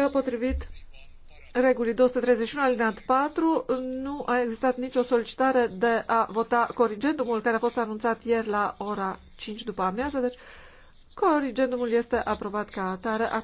că potrivit regulii 231 alineat 4 nu a existat nicio solicitare de a vota corigendumul care a fost anunțat ieri la ora 5 după amiază, deci corigendumul este aprobat ca atare. Acum